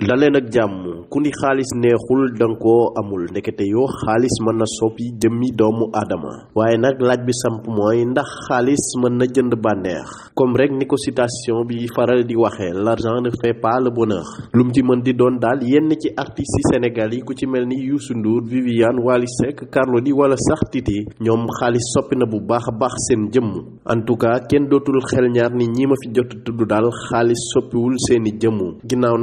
daleen ak jàmm ku ni xaalis neexul danga koo amul ndekete yoo xaalis mën na soppi jëmmi doomu aadama waaye nag laaj bi samp mooy ndax xaalis mën na jënd bànneex comme rek ni ko citation bi faral di waxee l'argent ne fait pas le bonheur lu mu ci mën di doon daal yenn ci artistes yi Sénégal yi ku ci mel ni Youssou nduur Viviane Wally Seck Carlou D wala sax Titi ñoom xaalis soppi na bu baax a baax seen jëmm en tout cas kenn dootul xel ñaar ni ñi ma fi jot tudd daal xaalis soppiwul seeni jëmm ginnaaw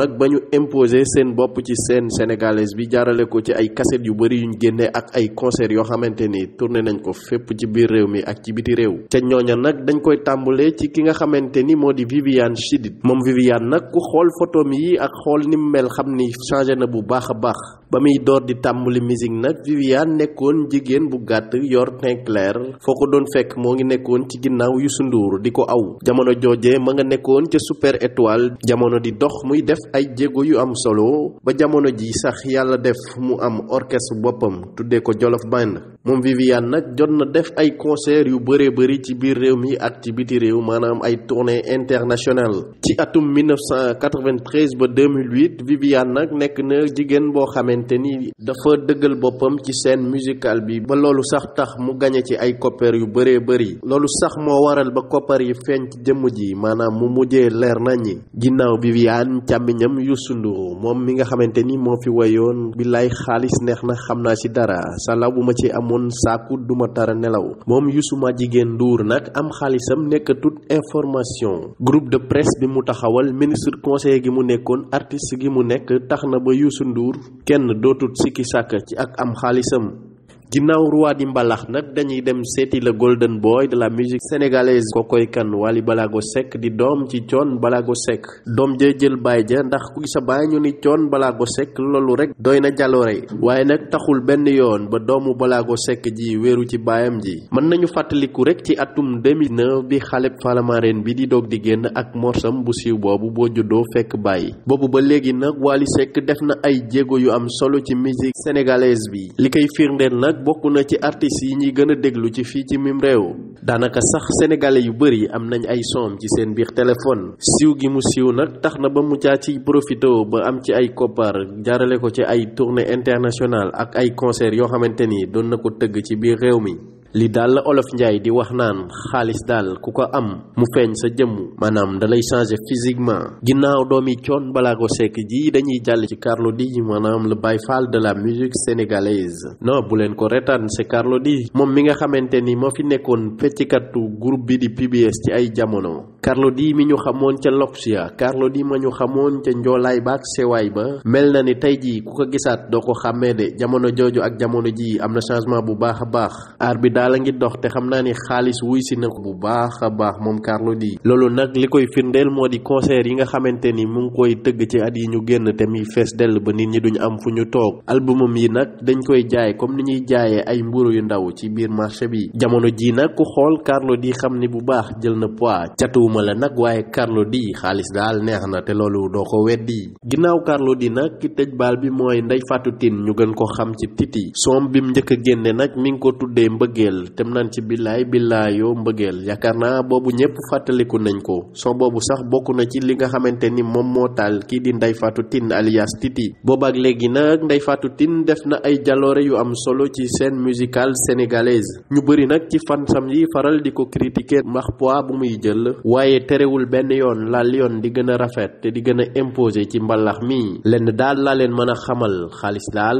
imposer seen bopp ci seen sénégalaise bi jaarale ko ci ay kaset yu bëri yuñ génnee ak ay concert yoo xamante ni tourné nañ ko fépp ci biir réew mi ak ci biti réew ca ñooña nag dañ koy tàmbalee ci ki nga xamante ni moo di Viviane Chidid moom Viviane nag ku xool photom yi ak xool ni mu mel xam ni changé na bu baax a baax ba muy door di tàmbali musique nag Viviane nekkoon jigéen bu gàtt yor teint clair foo ko doon fekk moo ngi nekkoon ci ginnaaw Youssou Ndour di ko aw jamono jooje ma nga nekkoon ca Super Étoile jamono di dox muy def ay jéego yu am solo ba jamono ji sax yàlla def mu am orchestre boppam tuddee ko Jolof Band moom Viviane nag jot na def ay concert yu bëree bëri ci biir réew mi ak ci biti réew maanaam ay tournée internationale ci atum ba Viviane nag nekk na jigéen xamante ni dafa dëggal boppam ci scène musicale bi ba loolu sax tax mu gañe ci ay koppar yu bëree bëri loolu sax moo waral ba koppar yi feeñ ci jëmm ji maanaam mu mujjee leer naññi ginnaaw bi Viviane càmmiñam Youssou Ndour moom mi nga xamante ni moo fi woyoon billaay xaalis neex na xam naa ci dara salaw bu ma ci amoon saaku duma dara nelaw moom Youssou ma jigéen Ndour nag am xaalisam nekk toute information groupe de presse bi mu taxawal ministre conseil gi mu nekkoon artiste gi mu nekk tax na ba Youssou kenn dootul sikki sàkk ci ak am xaalisam ginnaaw roi di mbalax nag dañuy dem seeti la golden boy de la musique sénégalaise kokoy kan wali Balago sekk di doom ci Thione balaago Seck doom ja jël baay ja ndax ku gisa baay ñu ni Thione Balago Seck loolu rek dooy na jaloore waaye nag taxul benn yoon ba doomu balaago sekk ji wéeru ci baayam ji mën nañu fàttaliku rek ci atum 2009 bi xale Falamareen bi di doog di génn ak morsam bu siiw boobu boo juddoo fekk bàyyi boobu ba léegi nag Wally Seck def na ay jéego yu am solo ci musique sénégalaise bi nag bokk na ci artistes yi ñuy gën a déglu ci fii ci mim réew daanaka sax sénégalais yu bëri am nañ ay soom ci seen biir téléphone siiw gi mu siiw nag tax na ba mu caa ci profité ba am ci ay koppar jaarale ko ci ay tournée internationale ak ay concert yoo xamante ni doon na ko tëgg ci biir réew mi li daal la olof njaay di wax naan xaalis daal ku ko am mu feeñ sa jëmm maanaam dalay changer physiquement ginnaaw doomi coon balaa ko sekk ji dañuy jàll ci Carlou di maanaam le Baye Fall de la musique sénégalaise no bu leen ko retaan c'est Carlou di moom mi nga xamante ni moo fi nekkoon feccikatu group bi di PBS ci ay jamono Carlou di mi ñu xamoon ca Loxia Carlou di ma ñu xamoon ca njoolaay ba ak sewaay ba mel na ni tey jii ku ko gisaat doo ko xàmmee de jamono jooju ak jamono ji am na changement bu baax a baax daal a ngi dox te xam naa ni xaalis wuy si na ko bu baax a baax moom Carlou D loolu nag li koy firndeel moo di concert yi nga xamante ni mu ngi koy tëgg ci at yi ñu génn te muy fees dell ba nit ñi duñ am fu ñu toog albumam yi nag dañ koy jaay comme ni ñuy jaayee ay mburu yu ndaw ci biir marché bi jamono ji nag ku xool Carlou D xam ni bu baax jël na poids catuwuma la nag waaye Carlou di xaalis daal neex na te loolu doo ko weddi ginnaaw Carlou di nag ki baal bi mooy Ndeye Fatou Tine gën ko xam mbëggeel tem naan ci billaay billaayoo mbëggeel yaakaar naa boobu ñëpp fàttaliku nañ ko son boobu sax bokk na ci li nga xamante ni moom moo taal kii di Ndeye Fatou Tine alias Titi ak léegi nag Ndeye faatu tin def na ay jaloore yu am solo ci seen musicale sénégalaise ñu bëri nag ci fansam yi faral di ko critiquer max pois bu muy jël waaye terewul benn yoon laal yoon di gën a rafet te di gën a imposer ci mbalax mi lenn daal laa mën a xamal xaalis daal